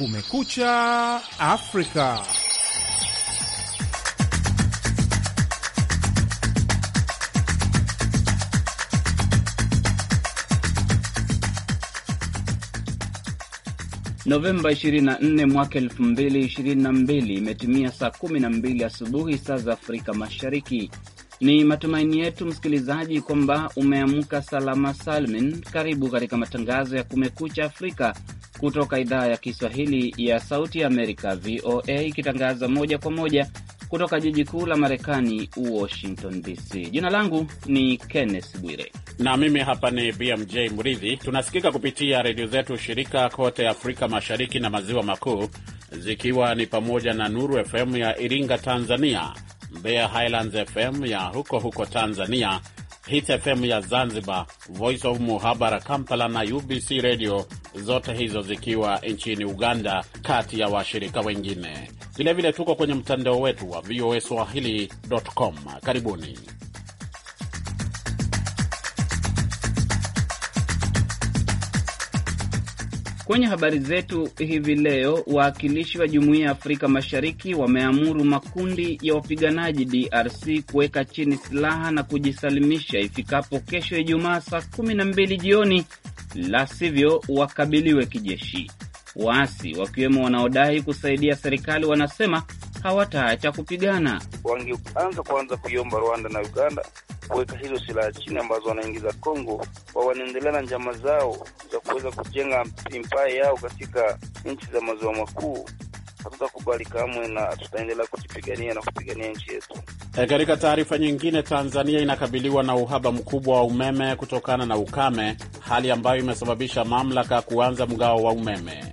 Kumekucha Afrika. Novemba 24 mwaka 2022 imetimia saa 12 asubuhi saa za Afrika Mashariki. Ni matumaini yetu msikilizaji, kwamba umeamka salama salmin. Karibu katika matangazo ya Kumekucha Afrika kutoka idhaa ya Kiswahili ya Sauti ya Amerika, VOA, ikitangaza moja kwa moja kutoka jiji kuu la Marekani, Washington DC. Jina langu ni Kenneth Bwire na mimi hapa ni BMJ Mridhi. Tunasikika kupitia redio zetu shirika kote Afrika Mashariki na Maziwa Makuu, zikiwa ni pamoja na Nuru FM ya Iringa, Tanzania, Mbeya Highlands FM ya huko huko Tanzania, Hit FM ya Zanzibar, Voice of Muhabara Kampala na UBC Radio, zote hizo zikiwa nchini Uganda, kati ya washirika wengine. Vilevile tuko kwenye mtandao wetu wa VOA Swahili.com. Karibuni. Kwenye habari zetu hivi leo, waakilishi wa jumuiya ya Afrika Mashariki wameamuru makundi ya wapiganaji DRC kuweka chini silaha na kujisalimisha ifikapo kesho Ijumaa saa kumi na mbili jioni, la sivyo wakabiliwe kijeshi. Waasi wakiwemo wanaodai kusaidia serikali wanasema hawataacha kupigana. Wangeanza kwanza kuiomba Rwanda na Uganda kuweka hizo silaha chini ambazo wanaingiza Kongo, wa wanaendelea na njama zao za kuweza kujenga empire yao katika nchi za maziwa makuu. Hatutakubali kamwe na tutaendelea kujipigania na kupigania nchi yetu. E, katika taarifa nyingine, Tanzania inakabiliwa na uhaba mkubwa wa umeme kutokana na ukame, hali ambayo imesababisha mamlaka kuanza mgao wa umeme.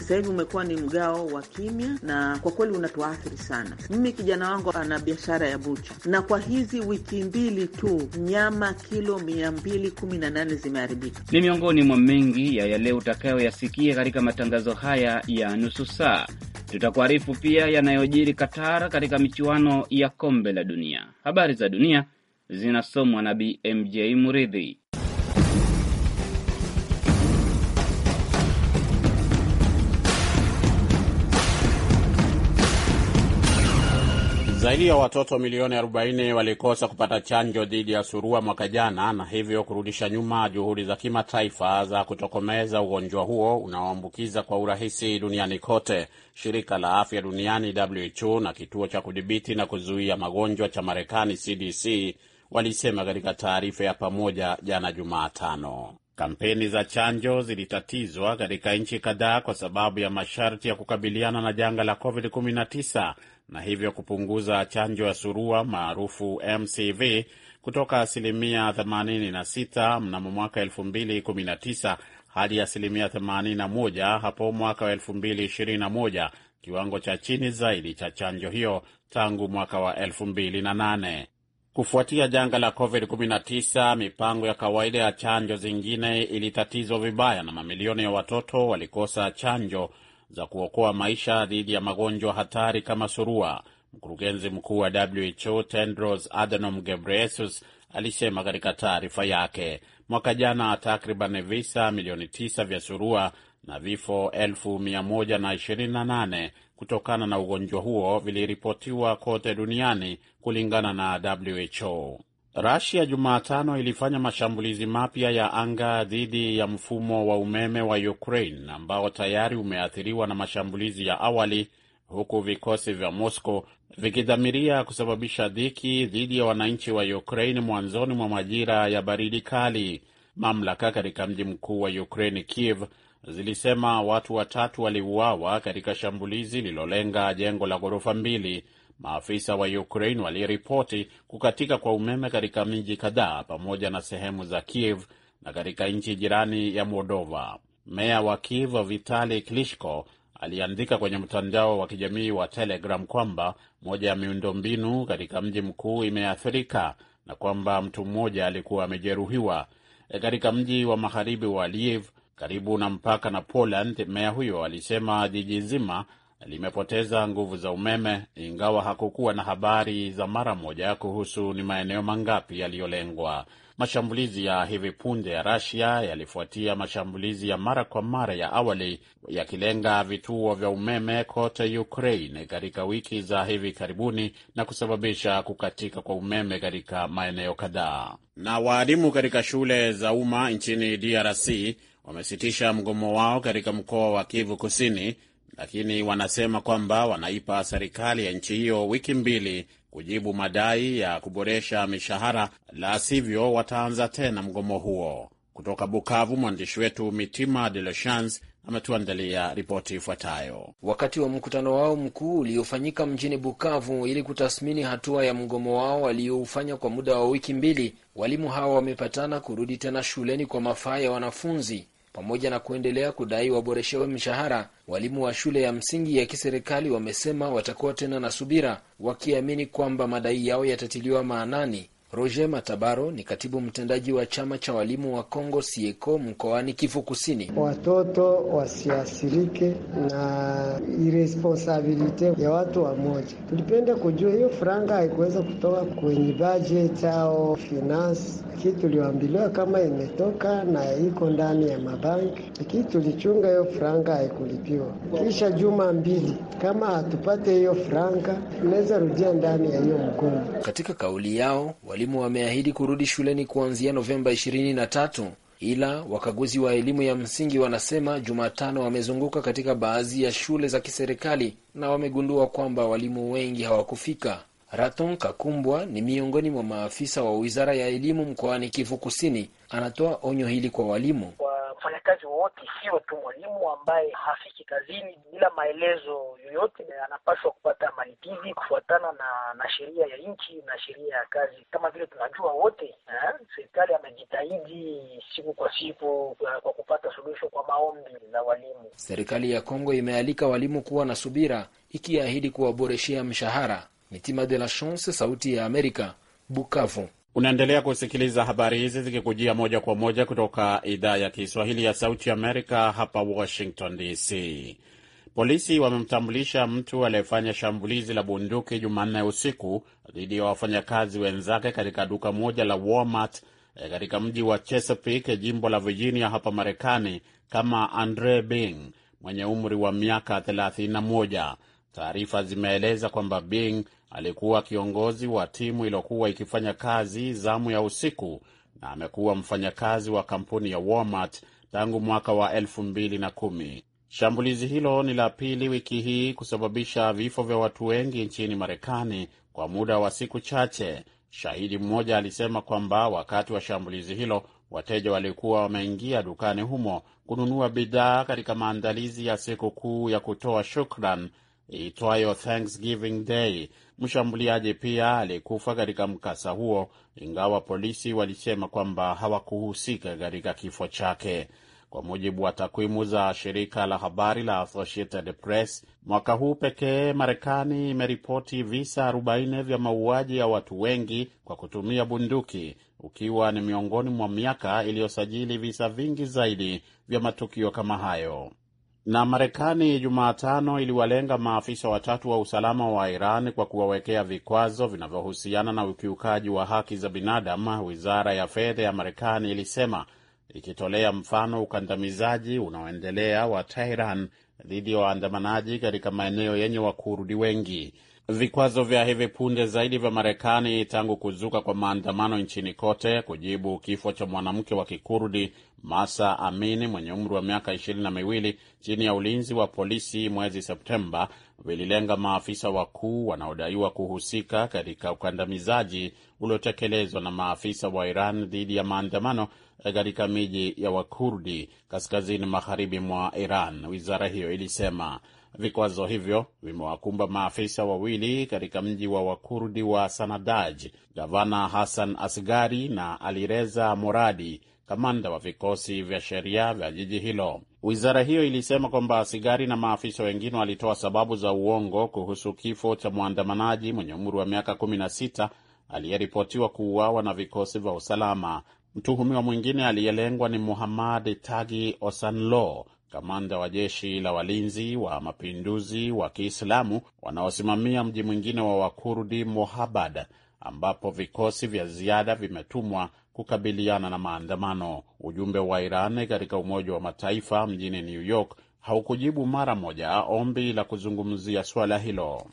Sasa hivi umekuwa ni mgao wa kimya, na kwa kweli unatuathiri sana. Mimi kijana wangu ana biashara ya bucha, na kwa hizi wiki mbili tu nyama kilo mia mbili kumi na nane zimeharibika. Ni miongoni mwa mengi ya yale utakayoyasikia katika matangazo haya ya nusu saa. Tutakuarifu pia yanayojiri Katara katika michuano ya kombe la dunia. Habari za dunia zinasomwa na BMJ Muridhi. Zaidi ya watoto milioni 40 walikosa kupata chanjo dhidi ya surua mwaka jana na hivyo kurudisha nyuma juhudi za kimataifa za kutokomeza ugonjwa huo unaoambukiza kwa urahisi duniani kote. Shirika la Afya Duniani WHO na kituo cha kudhibiti na kuzuia magonjwa cha Marekani CDC walisema katika taarifa ya pamoja jana Jumatano. Kampeni za chanjo zilitatizwa katika nchi kadhaa kwa sababu ya masharti ya kukabiliana na janga la COVID-19 na hivyo kupunguza chanjo ya surua maarufu MCV kutoka asilimia 86 mnamo mwaka 2019 hadi asilimia 81 hapo mwaka wa 2021, kiwango cha chini zaidi cha chanjo hiyo tangu mwaka wa 2008. Kufuatia janga la COVID-19, mipango ya kawaida ya chanjo zingine ilitatizwa vibaya na mamilioni ya watoto walikosa chanjo za kuokoa maisha dhidi ya magonjwa hatari kama surua. Mkurugenzi mkuu wa WHO Tedros Adhanom Ghebreyesus alisema katika taarifa yake mwaka jana takriban visa milioni tisa vya surua na vifo 128 kutokana na ugonjwa huo viliripotiwa kote duniani kulingana na WHO. Rasia Jumatano ilifanya mashambulizi mapya ya anga dhidi ya mfumo wa umeme wa Ukraine ambao tayari umeathiriwa na mashambulizi ya awali, huku vikosi vya Moscow vikidhamiria kusababisha dhiki dhidi ya wananchi wa Ukraine mwanzoni mwa majira ya baridi kali. Mamlaka katika mji mkuu wa Ukraine, Kiev, zilisema watu watatu waliuawa katika shambulizi lililolenga jengo la ghorofa mbili Maafisa wa Ukraine waliripoti kukatika kwa umeme katika miji kadhaa pamoja na sehemu za Kiev na katika nchi jirani ya Moldova. Meya wa Kiev Vitali klishko aliandika kwenye mtandao wa kijamii wa Telegram kwamba moja ya miundombinu katika mji mkuu imeathirika na kwamba mtu mmoja alikuwa amejeruhiwa. E, katika mji wa magharibi wa liev karibu na mpaka na Poland, meya huyo alisema jiji zima limepoteza nguvu za umeme, ingawa hakukuwa na habari za mara moja kuhusu ni maeneo mangapi yaliyolengwa. Mashambulizi ya hivi punde ya Russia yalifuatia mashambulizi ya mara kwa mara ya awali yakilenga vituo vya umeme kote Ukraine katika wiki za hivi karibuni na kusababisha kukatika kwa umeme katika maeneo kadhaa. Na waalimu katika shule za umma nchini DRC wamesitisha mgomo wao katika mkoa wa Kivu Kusini lakini wanasema kwamba wanaipa serikali ya nchi hiyo wiki mbili kujibu madai ya kuboresha mishahara, la sivyo wataanza tena mgomo huo. Kutoka Bukavu, mwandishi wetu Mitima De La Chance ametuandalia ripoti ifuatayo. Wakati wa mkutano wao mkuu uliofanyika mjini Bukavu ili kutathmini hatua ya mgomo wao walioufanya kwa muda wa wiki mbili, walimu hawa wamepatana kurudi tena shuleni kwa mafaa ya wanafunzi pamoja na kuendelea kudai waboreshewe mishahara. Walimu wa shule ya msingi ya kiserikali wamesema watakuwa tena na subira, wakiamini kwamba madai yao yatatiliwa maanani Roger Matabaro ni katibu mtendaji wa chama cha walimu wa Kongo Sieko mkoani Kivu Kusini. Watoto wasiasirike na iresponsabilite ya watu wamoja. Tulipenda kujua hiyo franga haikuweza kutoka kwenye bajet au finance, lakini tuliambiliwa kama imetoka na iko ndani ya mabanki, lakini tulichunga hiyo franga haikulipiwa. Kisha juma mbili, kama hatupate hiyo franga, tunaweza rudia ndani ya hiyo mgomo. Katika kauli yao wali Walimu wameahidi kurudi shuleni kuanzia Novemba 23 ila wakaguzi wa elimu ya msingi wanasema Jumatano wamezunguka katika baadhi ya shule za kiserikali na wamegundua kwamba walimu wengi hawakufika. Raton Kakumbwa ni miongoni mwa maafisa wa wizara ya elimu mkoani Kivu Kusini, anatoa onyo hili kwa walimu. Kwa mfanyakazi wowote, sio tu mwalimu ambaye hafiki kazini bila maelezo yoyote, anapaswa kupata malipizi kufuatana na, na sheria ya nchi na sheria ya kazi. Kama vile tunajua wote, eh, serikali amejitahidi siku kwa siku eh, kwa kupata suluhisho kwa maombi la walimu. Serikali ya Kongo imealika walimu kuwa na subira, ikiahidi kuwaboreshea mshahara. Mitima de la Chance, Sauti ya Amerika, Bukavu. Unaendelea kusikiliza habari hizi zikikujia moja kwa moja kutoka idhaa ya Kiswahili ya Sauti Amerika, hapa Washington DC. Polisi wamemtambulisha mtu aliyefanya shambulizi la bunduki Jumanne usiku dhidi ya wafanyakazi wenzake katika duka moja la Walmart eh, katika mji wa Chesapeake, jimbo la Virginia, hapa Marekani, kama Andre Bing mwenye umri wa miaka Taarifa zimeeleza kwamba Bing alikuwa kiongozi wa timu iliyokuwa ikifanya kazi zamu ya usiku na amekuwa mfanyakazi wa kampuni ya Walmart tangu mwaka wa elfu mbili na kumi. Shambulizi hilo ni la pili wiki hii kusababisha vifo vya watu wengi nchini Marekani kwa muda wa siku chache. Shahidi mmoja alisema kwamba wakati wa shambulizi hilo wateja walikuwa wameingia dukani humo kununua bidhaa katika maandalizi ya siku kuu ya kutoa shukran iitwayo Thanksgiving Day. Mshambuliaji pia alikufa katika mkasa huo, ingawa polisi walisema kwamba hawakuhusika katika kifo chake. Kwa mujibu wa takwimu za shirika la habari la Associated Press, mwaka huu pekee Marekani imeripoti visa 40 vya mauaji ya watu wengi kwa kutumia bunduki, ukiwa ni miongoni mwa miaka iliyosajili visa vingi zaidi vya matukio kama hayo. Na Marekani Jumatano iliwalenga maafisa watatu wa usalama wa Iran kwa kuwawekea vikwazo vinavyohusiana na ukiukaji wa haki za binadamu, wizara ya fedha ya Marekani ilisema, ikitolea mfano ukandamizaji unaoendelea wa Tehran dhidi ya waandamanaji katika maeneo yenye Wakurdi wengi. Vikwazo vya hivi punde zaidi vya Marekani tangu kuzuka kwa maandamano nchini kote kujibu kifo cha mwanamke wa Kikurdi Masa Amini mwenye umri wa miaka ishirini na miwili chini ya ulinzi wa polisi mwezi Septemba vililenga maafisa wakuu wanaodaiwa kuhusika katika ukandamizaji uliotekelezwa na maafisa wa Iran dhidi ya maandamano katika miji ya Wakurdi kaskazini magharibi mwa Iran, wizara hiyo ilisema. Vikwazo hivyo vimewakumba maafisa wawili katika mji wa Wakurdi wa Sanadaj, gavana Hassan Asgari na Alireza Moradi, kamanda wa vikosi vya sheria vya jiji hilo. Wizara hiyo ilisema kwamba Asigari na maafisa wengine walitoa sababu za uongo kuhusu kifo cha mwandamanaji mwenye umri wa miaka 16 aliyeripotiwa kuuawa na vikosi vya usalama Mtuhumiwa mwingine aliyelengwa ni Muhammad Tagi Osanlo, kamanda wa jeshi la walinzi wa mapinduzi wa Kiislamu wanaosimamia mji mwingine wa Wakurdi, Mohabad, ambapo vikosi vya ziada vimetumwa kukabiliana na maandamano. Ujumbe wa Iran katika Umoja wa Mataifa mjini New York haukujibu mara moja ombi la kuzungumzia suala hilo.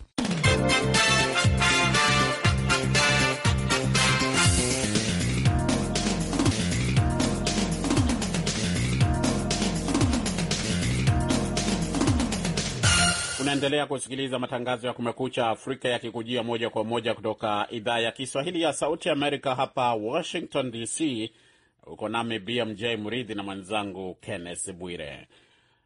Unaendelea kusikiliza matangazo ya Kumekucha Afrika yakikujia moja kwa moja kutoka idhaa ya Kiswahili ya Sauti Amerika hapa Washington DC. Uko nami BMJ Mridhi na mwenzangu Kenneth Bwire.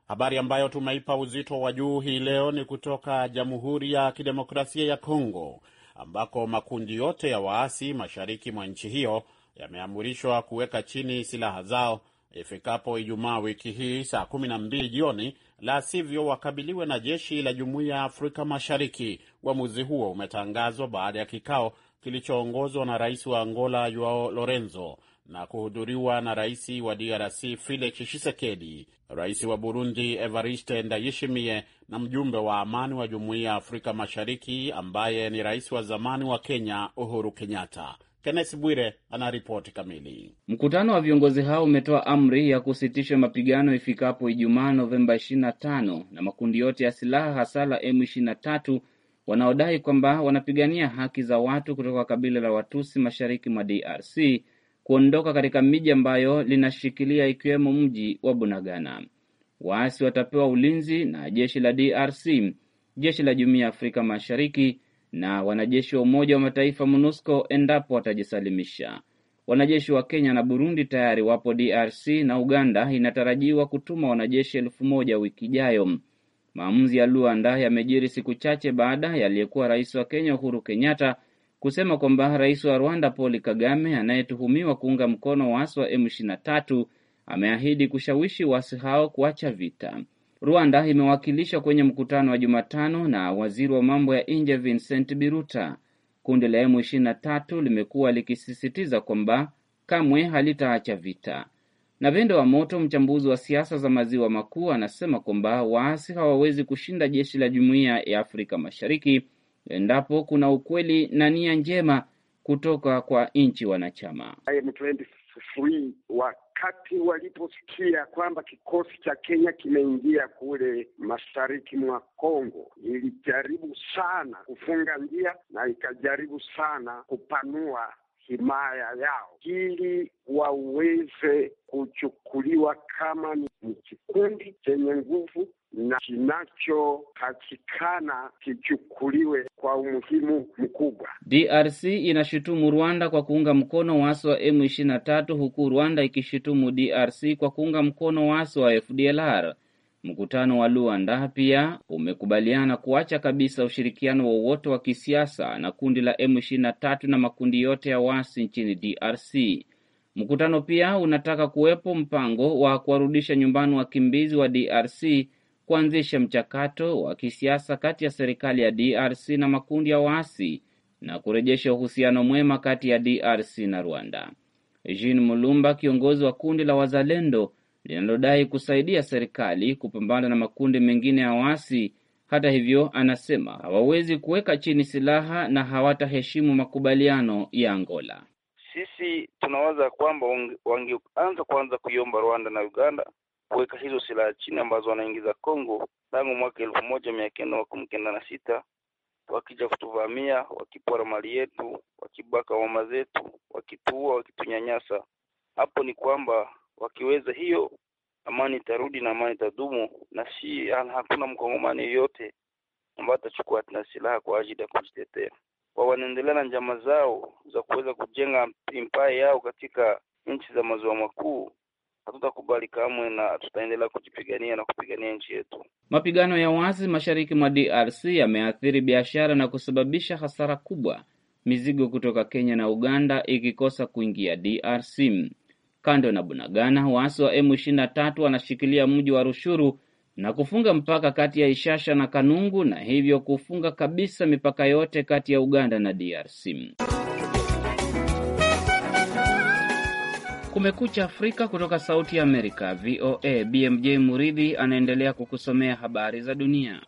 Habari ambayo tumeipa uzito wa juu hii leo ni kutoka Jamhuri ya Kidemokrasia ya Kongo ambako makundi yote ya waasi mashariki mwa nchi hiyo yameamrishwa kuweka chini silaha zao ifikapo Ijumaa wiki hii saa 12 jioni la sivyo wakabiliwe na jeshi la Jumuiya ya Afrika Mashariki. Uamuzi huo umetangazwa baada ya kikao kilichoongozwa na rais wa Angola Joao Lorenzo na kuhudhuriwa na rais wa DRC Felix Tshisekedi, rais wa Burundi Evariste Ndayishimiye na mjumbe wa amani wa Jumuiya ya Afrika Mashariki ambaye ni rais wa zamani wa Kenya Uhuru Kenyatta. Kenneth Bwire anaripoti kamili. Mkutano wa viongozi hao umetoa amri ya kusitisha mapigano ifikapo Ijumaa Novemba 25 na makundi yote ya silaha hasa la M23 wanaodai kwamba wanapigania haki za watu kutoka kabila la Watusi mashariki mwa DRC kuondoka katika miji ambayo linashikilia ikiwemo mji wa Bunagana. Waasi watapewa ulinzi na jeshi la DRC, jeshi la Jumuiya ya Afrika Mashariki na wanajeshi wa Umoja wa Mataifa MONUSCO endapo watajisalimisha. Wanajeshi wa Kenya na Burundi tayari wapo DRC na Uganda inatarajiwa kutuma wanajeshi elfu moja wiki ijayo. Maamuzi ya luanda yamejiri siku chache baada ya aliyekuwa rais wa Kenya Uhuru Kenyatta kusema kwamba rais wa Rwanda Paul Kagame anayetuhumiwa kuunga mkono waasi wa M23 ameahidi kushawishi waasi hao kuacha vita. Rwanda imewakilishwa kwenye mkutano wa Jumatano na waziri wa mambo ya nje Vincent Biruta. Kundi la M23 limekuwa likisisitiza kwamba kamwe halitaacha vita. Na Pendo wa Moto, mchambuzi wa siasa za maziwa makuu, anasema kwamba waasi hawawezi kushinda jeshi la jumuiya ya Afrika Mashariki endapo kuna ukweli na nia njema kutoka kwa nchi wanachama. M23 wa wakati waliposikia kwamba kikosi cha Kenya kimeingia kule mashariki mwa Kongo, ilijaribu sana kufunga njia na ikajaribu sana kupanua himaya yao ili waweze kuchukuliwa kama ni kikundi chenye nguvu na kinachopatikana kichukuliwe kwa umuhimu mkubwa. DRC inashutumu Rwanda kwa kuunga mkono waasi wa M 23 huku Rwanda ikishutumu DRC kwa kuunga mkono waasi wa FDLR. Mkutano wa Luanda pia umekubaliana kuacha kabisa ushirikiano wowote wa, wa kisiasa na kundi la M 23 na na makundi yote ya waasi nchini DRC. Mkutano pia unataka kuwepo mpango wa kuwarudisha nyumbani wakimbizi wa DRC kuanzisha mchakato wa kisiasa kati ya serikali ya DRC na makundi ya waasi na kurejesha uhusiano mwema kati ya DRC na Rwanda. Jean Mulumba, kiongozi wa kundi la Wazalendo linalodai kusaidia serikali kupambana na makundi mengine ya waasi, hata hivyo, anasema hawawezi kuweka chini silaha na hawataheshimu makubaliano ya Angola. Sisi tunawaza kwamba wangeanza kwanza kuiomba Rwanda na Uganda kuweka hizo silaha chini ambazo wanaingiza Kongo tangu mwaka elfu moja mia kenda makumi kenda na sita wakija kutuvamia, wakipora mali yetu, wakibaka mama zetu, wakituua, wakitunyanyasa. Hapo ni kwamba wakiweza hiyo amani itarudi na amani itadumu, na si hakuna mkongomani yoyote ambayo atachukua tena silaha kwa ajili ya kujitetea. Kwa wanaendelea na njama zao za kuweza kujenga empire yao katika nchi za maziwa makuu hatutakubali kamwe na tutaendelea kujipigania na kupigania nchi yetu. Mapigano ya wazi mashariki mwa DRC yameathiri biashara na kusababisha hasara kubwa, mizigo kutoka Kenya na Uganda ikikosa kuingia DRC. Kando na Bunagana, waasi wa M23 wanashikilia mji wa Rushuru na kufunga mpaka kati ya Ishasha na Kanungu na hivyo kufunga kabisa mipaka yote kati ya Uganda na DRC. Kumekucha Afrika kutoka Sauti ya Amerika, VOA. BMJ Muridhi anaendelea kukusomea habari za dunia.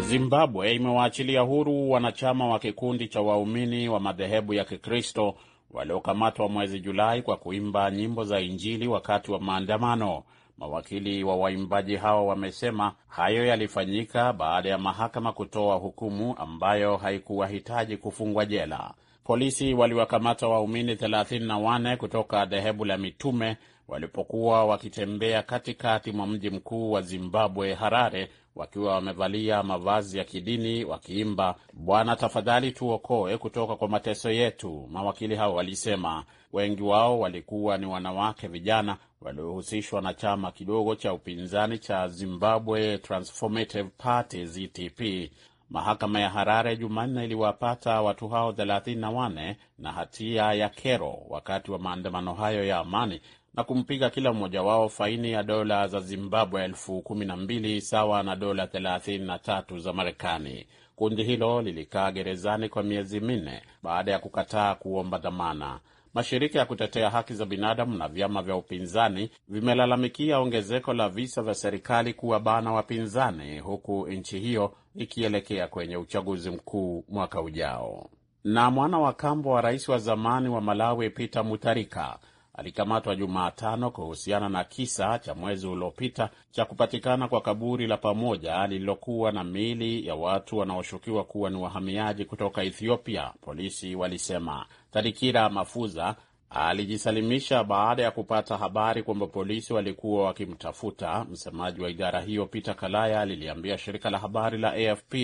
Zimbabwe imewaachilia huru wanachama wa kikundi cha waumini wa madhehebu ya Kikristo waliokamatwa mwezi Julai kwa kuimba nyimbo za Injili wakati wa maandamano. Mawakili wa waimbaji hao wamesema hayo yalifanyika baada ya mahakama kutoa hukumu ambayo haikuwahitaji kufungwa jela. Polisi waliwakamata waumini 34 kutoka dhehebu la Mitume walipokuwa wakitembea katikati mwa mji mkuu wa Zimbabwe, Harare, wakiwa wamevalia mavazi ya kidini wakiimba, Bwana tafadhali tuokoe kutoka kwa mateso yetu, mawakili hao walisema. Wengi wao walikuwa ni wanawake vijana waliohusishwa na chama kidogo cha upinzani cha Zimbabwe Transformative Party, ZTP. Mahakama ya Harare Jumanne iliwapata watu hao 34 na hatia ya kero wakati wa maandamano hayo ya amani na kumpiga kila mmoja wao faini ya dola za Zimbabwe elfu kumi na mbili sawa na dola 33 za Marekani. Kundi hilo lilikaa gerezani kwa miezi minne baada ya kukataa kuomba dhamana. Mashirika ya kutetea haki za binadamu na vyama vya upinzani vimelalamikia ongezeko la visa vya serikali kuwabana wapinzani, huku nchi hiyo ikielekea kwenye uchaguzi mkuu mwaka ujao. Na mwana wa kambo wa rais wa zamani wa Malawi Peter Mutharika alikamatwa Jumatano kuhusiana na kisa cha mwezi uliopita cha kupatikana kwa kaburi la pamoja lililokuwa na miili ya watu wanaoshukiwa kuwa ni wahamiaji kutoka Ethiopia, polisi walisema. tarikira Mafuza alijisalimisha baada ya kupata habari kwamba polisi walikuwa wakimtafuta. Msemaji wa idara hiyo Peter Kalaya liliambia shirika la habari la AFP,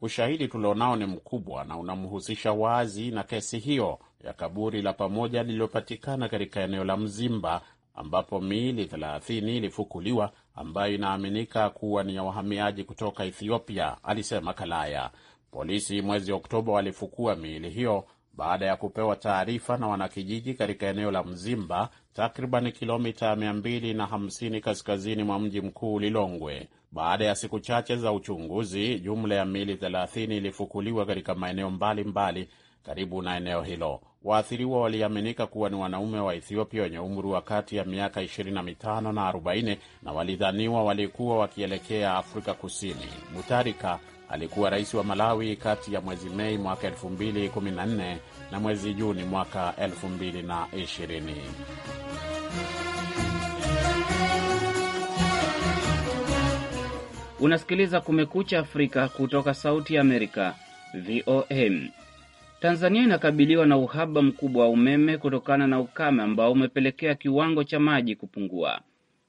ushahidi tulionao ni mkubwa na unamhusisha wazi na kesi hiyo ya kaburi la pamoja lililopatikana katika eneo la Mzimba ambapo miili 30 ilifukuliwa ambayo inaaminika kuwa ni ya wahamiaji kutoka Ethiopia, alisema Kalaya. Polisi mwezi Oktoba walifukua miili hiyo baada ya kupewa taarifa na wanakijiji katika eneo la Mzimba, takriban kilomita 250 kaskazini mwa mji mkuu Lilongwe. Baada ya siku chache za uchunguzi, jumla ya miili 30 ilifukuliwa katika maeneo mbalimbali mbali karibu na eneo hilo. Waathiriwa waliaminika kuwa ni wanaume wa Ethiopia wenye umri wa kati ya miaka 25 na 40 na walidhaniwa walikuwa wakielekea Afrika Kusini. Mutarika alikuwa rais wa Malawi kati ya mwezi Mei mwaka 2014 na mwezi Juni mwaka 2020. Unasikiliza Kumekucha Afrika kutoka Sauti ya Amerika, vom Tanzania inakabiliwa na uhaba mkubwa wa umeme kutokana na ukame ambao umepelekea kiwango cha maji kupungua.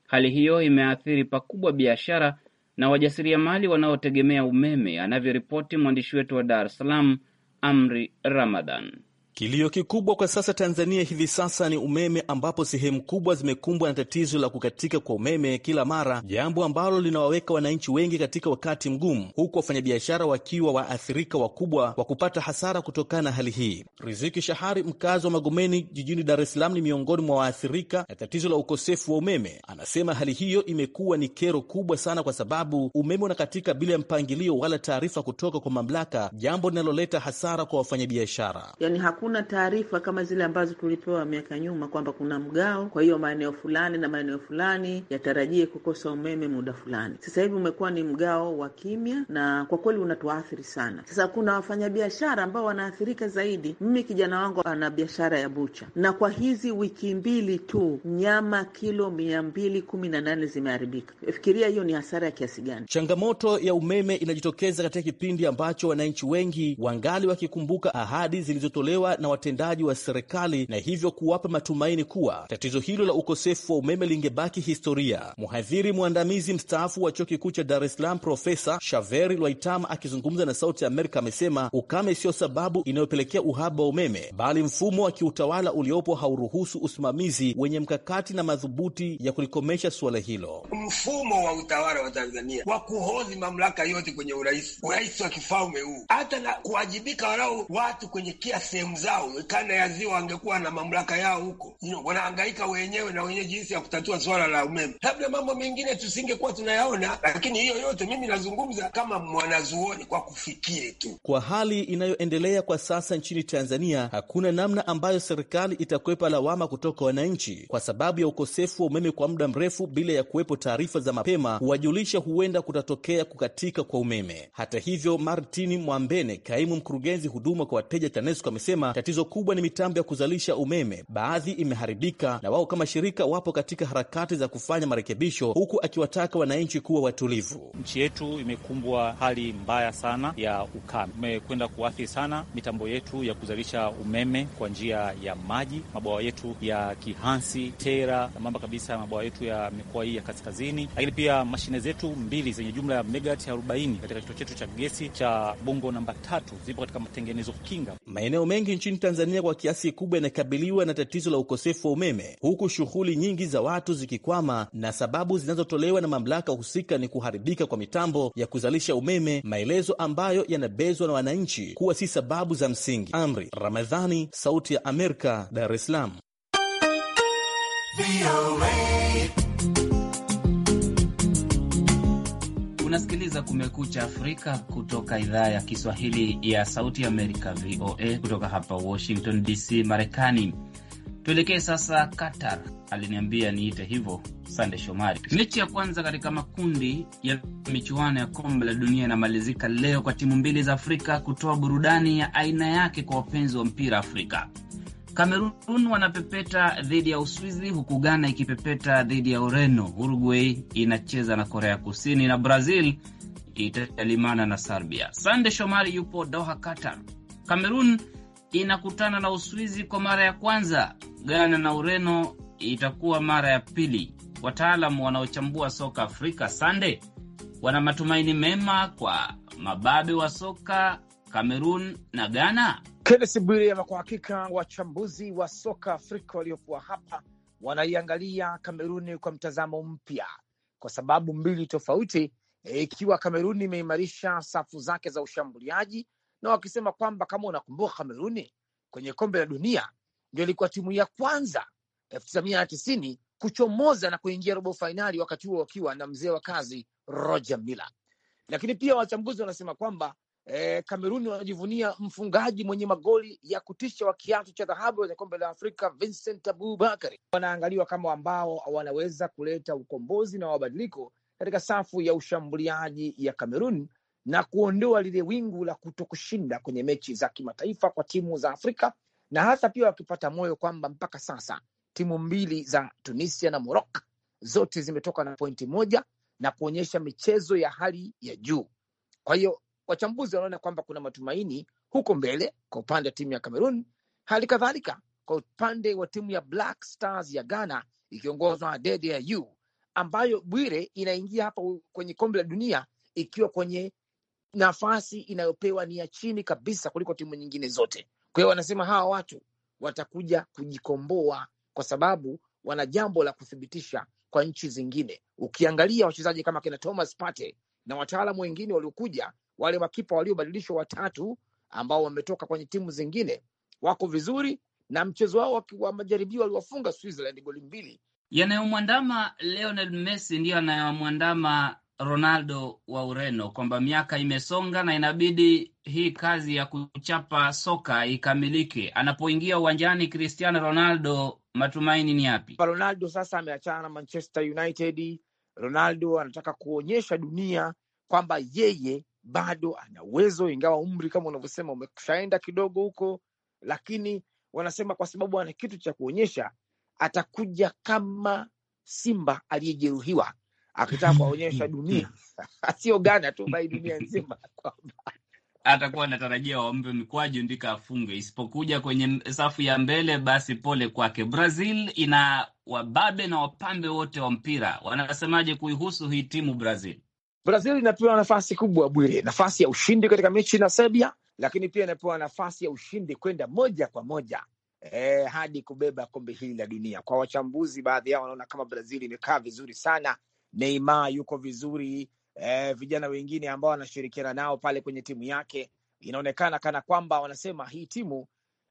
Hali hiyo imeathiri pakubwa biashara na wajasiriamali wanaotegemea umeme, anavyoripoti mwandishi wetu wa Dar es Salaam, Amri Ramadhan. Kilio kikubwa kwa sasa Tanzania hivi sasa ni umeme, ambapo sehemu kubwa zimekumbwa na tatizo la kukatika kwa umeme kila mara, jambo ambalo linawaweka wananchi wengi katika wakati mgumu, huku wafanyabiashara wakiwa waathirika wakubwa wa kupata hasara kutokana na hali hii. Riziki Shahari, mkazi wa Magomeni jijini Dar es Salaam, ni miongoni mwa waathirika na tatizo la ukosefu wa umeme. Anasema hali hiyo imekuwa ni kero kubwa sana, kwa sababu umeme unakatika bila mpangilio wala taarifa kutoka kwa mamlaka, jambo linaloleta hasara kwa wafanyabiashara yani hakuna taarifa kama zile ambazo tulipewa miaka nyuma kwamba kuna mgao, kwa hiyo maeneo fulani na maeneo fulani yatarajie kukosa umeme muda fulani. Sasa hivi umekuwa ni mgao wa kimya, na kwa kweli unatuathiri sana. Sasa kuna wafanyabiashara ambao wanaathirika zaidi. Mimi kijana wangu ana biashara ya bucha, na kwa hizi wiki mbili tu nyama kilo mia mbili kumi na nane zimeharibika. Fikiria hiyo ni hasara ya kiasi gani. Changamoto ya umeme inajitokeza katika kipindi ambacho wananchi wengi wangali wakikumbuka ahadi zilizotolewa na watendaji wa serikali na hivyo kuwapa matumaini kuwa tatizo hilo la ukosefu wa umeme lingebaki historia. Mhadhiri mwandamizi mstaafu wa chuo kikuu cha Dar es Salaam Profesa Shaveri Lwaitama akizungumza na Sauti ya Amerika amesema ukame siyo sababu inayopelekea uhaba wa umeme, bali mfumo wa kiutawala uliopo hauruhusu usimamizi wenye mkakati na madhubuti ya kulikomesha suala hilo. Mfumo wa utawala wa Tanzania wa kuhodhi mamlaka yote kwenye urais, urais wa kifalme huu, hata na kuwajibika walau watu kwenye kila sehemu zao, kanda ya ziwa angekuwa na mamlaka yao huko, you know, wanahangaika wenyewe na wenyewe jinsi ya kutatua swala la umeme. Labda mambo mengine tusingekuwa tunayaona, lakini hiyo yote mimi nazungumza kama mwanazuoni kwa kufikiri tu. Kwa hali inayoendelea kwa sasa nchini Tanzania, hakuna namna ambayo serikali itakwepa lawama kutoka wananchi kwa sababu ya ukosefu wa umeme kwa muda mrefu bila ya kuwepo taarifa za mapema kuwajulisha, huenda kutatokea kukatika kwa umeme. Hata hivyo, Martini Mwambene, kaimu mkurugenzi huduma kwa wateja TANESCO, amesema tatizo kubwa ni mitambo ya kuzalisha umeme, baadhi imeharibika na wao kama shirika wapo katika harakati za kufanya marekebisho, huku akiwataka wananchi kuwa watulivu. Nchi yetu imekumbwa hali mbaya sana ya ukame, umekwenda kuathiri sana mitambo yetu ya kuzalisha umeme kwa njia ya maji, mabwawa yetu ya Kihansi, Tera mamba kabisa, mabwawa yetu ya mikoa hii ya kaskazini, lakini pia mashine zetu mbili zenye jumla ya megawati 40 katika kituo chetu cha gesi cha Bongo namba tatu zipo katika matengenezo kinga. Maeneo mengi nchini Tanzania kwa kiasi kikubwa inakabiliwa na tatizo la ukosefu wa umeme, huku shughuli nyingi za watu zikikwama, na sababu zinazotolewa na mamlaka husika ni kuharibika kwa mitambo ya kuzalisha umeme, maelezo ambayo yanabezwa na wananchi kuwa si sababu za msingi. Amri Ramadhani, Sauti ya Amerika, Dar es Salaam. Unasikiliza Kumekucha Afrika kutoka idhaa ya Kiswahili ya Sauti ya Amerika, VOA, kutoka hapa Washington DC, Marekani. Tuelekee sasa Qatar. Aliniambia niite hivyo, Sande Shomari. Mechi ya kwanza katika makundi ya michuano ya kombe la dunia inamalizika leo kwa timu mbili za Afrika kutoa burudani ya aina yake kwa wapenzi wa mpira Afrika. Kamerun wanapepeta dhidi ya Uswizi, huku Ghana ikipepeta dhidi ya Ureno. Uruguay inacheza na Korea Kusini na Brazil italimana na Serbia. Sande Shomari yupo Doha, Qatar. Kamerun inakutana na Uswizi kwa mara ya kwanza. Ghana na Ureno itakuwa mara ya pili. Wataalam wanaochambua soka Afrika, Sande, wana matumaini mema kwa mababe wa soka Kamerun na Ghana. Kennes Bwire. Ama kwa hakika wachambuzi wa soka Afrika waliokuwa hapa wanaiangalia Kameruni kwa mtazamo mpya kwa sababu mbili tofauti, e, ikiwa e, Kameruni imeimarisha safu zake za ushambuliaji, na wakisema kwamba kama unakumbuka, Kameruni kwenye kombe la dunia ndio ilikuwa timu ya kwanza elfu tisa mia tisini kuchomoza na kuingia robo fainali, wakati huo wakiwa na mzee wa kazi Roger Mila. Lakini pia wachambuzi wanasema kwamba E, Kameruni wanajivunia mfungaji mwenye magoli ya kutisha wa kiatu cha dhahabu kwenye kombe la Afrika Vincent Abubakari. Wanaangaliwa kama ambao wanaweza kuleta ukombozi na mabadiliko katika safu ya ushambuliaji ya Kameruni na kuondoa lile wingu la kuto kushinda kwenye mechi za kimataifa kwa timu za Afrika, na hasa pia wakipata moyo kwamba mpaka sasa timu mbili za Tunisia na Morocco zote zimetoka na pointi moja na kuonyesha michezo ya hali ya juu. Kwa hiyo wachambuzi wanaona kwamba kuna matumaini huko mbele kwa upande wa timu ya Cameroon, hali kadhalika kwa upande wa timu ya Black Stars ya Ghana ikiongozwa na Dede ya u ambayo Bwire inaingia hapa kwenye kombe la dunia ikiwa kwenye nafasi inayopewa ni ya chini kabisa kuliko timu nyingine zote. Kwa hiyo wanasema hawa watu watakuja kujikomboa kwa sababu wana jambo la kuthibitisha kwa nchi zingine. Ukiangalia wachezaji kama kina Thomas Partey na wataalamu wengine waliokuja, wale makipa waliobadilishwa watatu ambao wametoka kwenye timu zingine wako vizuri, na mchezo wao wa majaribio waliwafunga Switzerland goli mbili. Yanayomwandama Lionel Messi ndiyo anayomwandama Ronaldo wa Ureno, kwamba miaka imesonga na inabidi hii kazi ya kuchapa soka ikamilike. Anapoingia uwanjani Cristiano Ronaldo, matumaini ni yapi? Ronaldo sasa ameachana na Manchester United, Ronaldo anataka kuonyesha dunia kwamba yeye bado ana uwezo, ingawa umri kama unavyosema umeshaenda kidogo huko, lakini wanasema kwa sababu ana kitu cha kuonyesha, atakuja kama simba aliyejeruhiwa akitaka kuwaonyesha dunia sio Ghana tu, bali dunia nzima kwamba atakuwa anatarajia wampe mikwaju ndika afunge, isipokuja kwenye safu ya mbele, basi pole kwake. Brazil ina wababe na wapambe wote wa mpira. Wanasemaje kuihusu hii timu Brazil? Brazil inapewa nafasi kubwa, Bwire, nafasi ya ushindi katika mechi na Serbia, lakini pia inapewa nafasi ya ushindi kwenda moja kwa moja eh, hadi kubeba kombe hili la dunia. Kwa wachambuzi, baadhi yao wanaona kama Brazil imekaa vizuri sana. Neymar yuko vizuri eh, vijana wengine ambao wanashirikiana nao pale kwenye timu yake. Inaonekana kana kwamba wanasema hii timu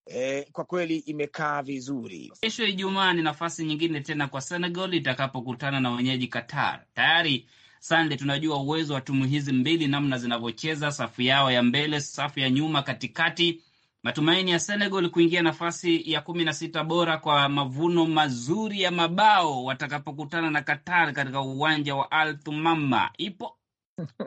eh, kwa kweli imekaa vizuri. Kesho Ijumaa ni nafasi nyingine tena kwa Senegal itakapokutana na wenyeji Qatar. Tayari Sande, tunajua uwezo wa timu hizi mbili, namna zinavyocheza, safu yao ya mbele, safu ya nyuma, katikati Matumaini ya Senegal kuingia nafasi ya kumi na sita bora kwa mavuno mazuri ya mabao watakapokutana na Qatar katika uwanja wa Al Thumama ipo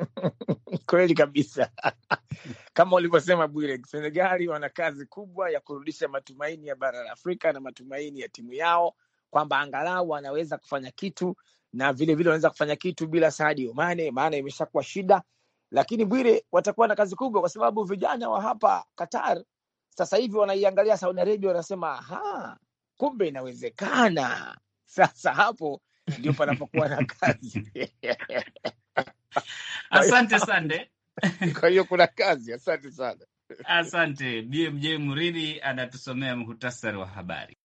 kweli kabisa kama ulivyosema Bwire, Senegali wana kazi kubwa ya kurudisha matumaini ya bara la Afrika na matumaini ya timu yao kwamba angalau wanaweza kufanya kitu na vilevile wanaweza kufanya kitu bila Sadio Mane, maana imeshakuwa shida. Lakini Bwire, watakuwa na kazi kubwa, kwa sababu vijana wa hapa Qatar sasa hivi wanaiangalia Saudi Arabia wanasema, aha, kumbe inawezekana. Sasa hapo ndio panapokuwa na kazi asante sande. Kwa hiyo kuna kazi. Asante sana, asante BMJ Muridhi anatusomea muhtasari wa habari.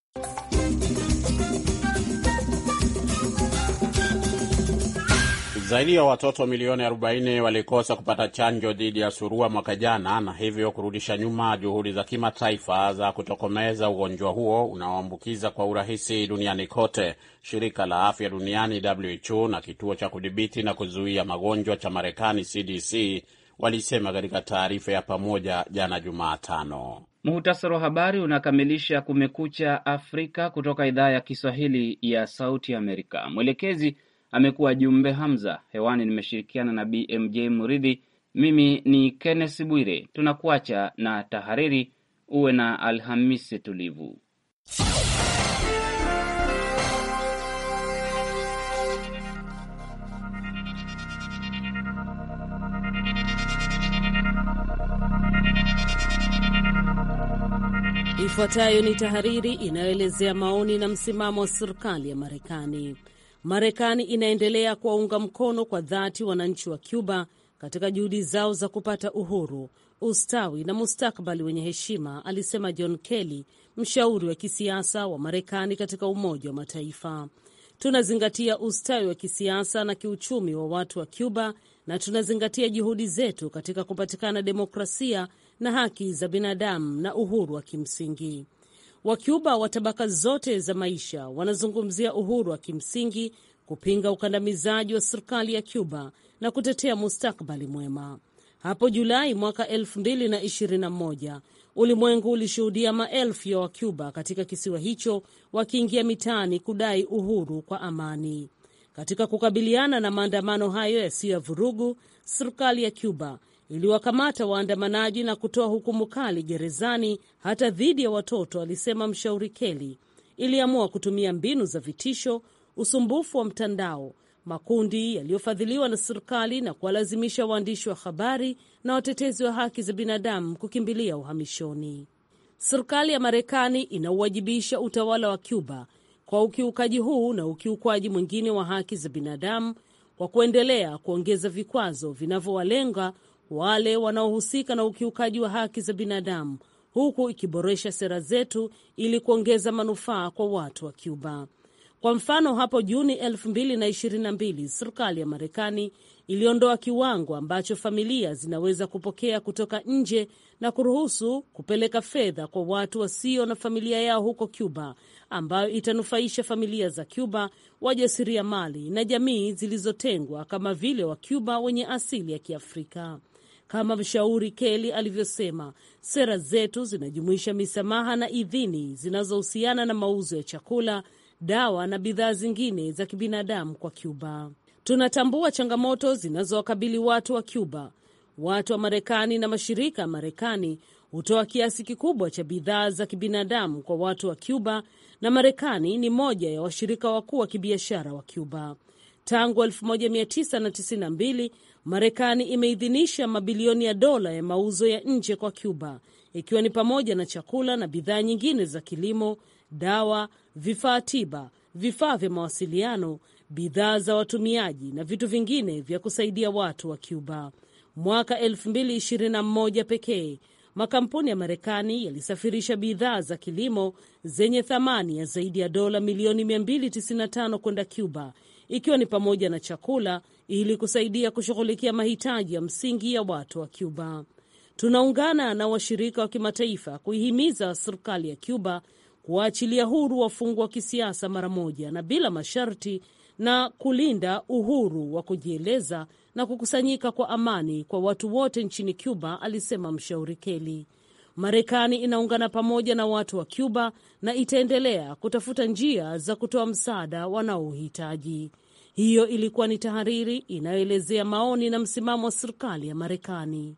Zaidi ya watoto milioni 40 walikosa kupata chanjo dhidi ya surua mwaka jana na hivyo kurudisha nyuma juhudi za kimataifa za kutokomeza ugonjwa huo unaoambukiza kwa urahisi duniani kote. Shirika la Afya Duniani WHO na kituo cha kudhibiti na kuzuia magonjwa cha Marekani CDC walisema katika taarifa ya pamoja jana Jumatano. Muhutasari wa habari unakamilisha Kumekucha Afrika kutoka idhaa ya Kiswahili ya Sauti Amerika. Mwelekezi amekuwa Jumbe Hamza. Hewani nimeshirikiana na BMJ Muridhi. Mimi ni Kennes Bwire. Tunakuacha na tahariri. Uwe na Alhamisi tulivu. Ifuatayo ni tahariri inayoelezea maoni na msimamo wa serikali ya Marekani. Marekani inaendelea kuwaunga mkono kwa dhati wananchi wa Cuba katika juhudi zao za kupata uhuru, ustawi na mustakabali wenye heshima, alisema John Kelly, mshauri wa kisiasa wa Marekani katika Umoja wa Mataifa. Tunazingatia ustawi wa kisiasa na kiuchumi wa watu wa Cuba na tunazingatia juhudi zetu katika kupatikana demokrasia na haki za binadamu na uhuru wa kimsingi. Wacuba wa tabaka zote za maisha wanazungumzia uhuru wa kimsingi, kupinga ukandamizaji wa serikali ya Cuba na kutetea mustakbali mwema. Hapo Julai mwaka 2021 ulimwengu ulishuhudia maelfu ya Wacuba katika kisiwa hicho wakiingia mitaani kudai uhuru kwa amani. Katika kukabiliana na maandamano hayo yasiyo ya vurugu, serikali ya Cuba iliwakamata waandamanaji na kutoa hukumu kali gerezani hata dhidi ya watoto, alisema mshauri keli Iliamua kutumia mbinu za vitisho, usumbufu wa mtandao, makundi yaliyofadhiliwa na serikali na kuwalazimisha waandishi wa habari na watetezi wa haki za binadamu kukimbilia uhamishoni. Serikali ya Marekani inauwajibisha utawala wa Cuba kwa ukiukaji huu na ukiukwaji mwingine wa haki za binadamu kwa kuendelea kuongeza vikwazo vinavyowalenga wale wanaohusika na ukiukaji wa haki za binadamu, huku ikiboresha sera zetu ili kuongeza manufaa kwa watu wa Cuba. Kwa mfano, hapo Juni 2022 serikali ya Marekani iliondoa kiwango ambacho familia zinaweza kupokea kutoka nje na kuruhusu kupeleka fedha kwa watu wasio na familia yao huko Cuba, ambayo itanufaisha familia za Cuba, wajasiriamali na jamii zilizotengwa kama vile Wacuba wenye asili ya Kiafrika. Kama mshauri Keli alivyosema, sera zetu zinajumuisha misamaha na idhini zinazohusiana na mauzo ya chakula, dawa na bidhaa zingine za kibinadamu kwa Cuba. Tunatambua changamoto zinazowakabili watu wa Cuba. Watu wa Marekani na mashirika ya Marekani hutoa kiasi kikubwa cha bidhaa za kibinadamu kwa watu wa Cuba, na Marekani ni moja ya washirika wakuu wa kibiashara wa Cuba. Tangu 1992 Marekani imeidhinisha mabilioni ya dola ya mauzo ya nje kwa Cuba, ikiwa ni pamoja na chakula na bidhaa nyingine za kilimo, dawa, vifaa tiba, vifaa vya mawasiliano, bidhaa za watumiaji na vitu vingine vya kusaidia watu wa Cuba. Mwaka 2021 pekee makampuni ya Marekani yalisafirisha bidhaa za kilimo zenye thamani ya zaidi ya dola milioni 295 kwenda Cuba, ikiwa ni pamoja na chakula ili kusaidia kushughulikia mahitaji ya msingi ya watu wa Cuba. Tunaungana na washirika wa kimataifa kuihimiza serikali ya Cuba kuwaachilia huru wafungwa wa kisiasa mara moja na bila masharti na kulinda uhuru wa kujieleza na kukusanyika kwa amani kwa watu wote nchini Cuba, alisema mshauri Keli. Marekani inaungana pamoja na watu wa Cuba na itaendelea kutafuta njia za kutoa msaada wanaohitaji. Hiyo ilikuwa ni tahariri inayoelezea maoni na msimamo wa serikali ya Marekani.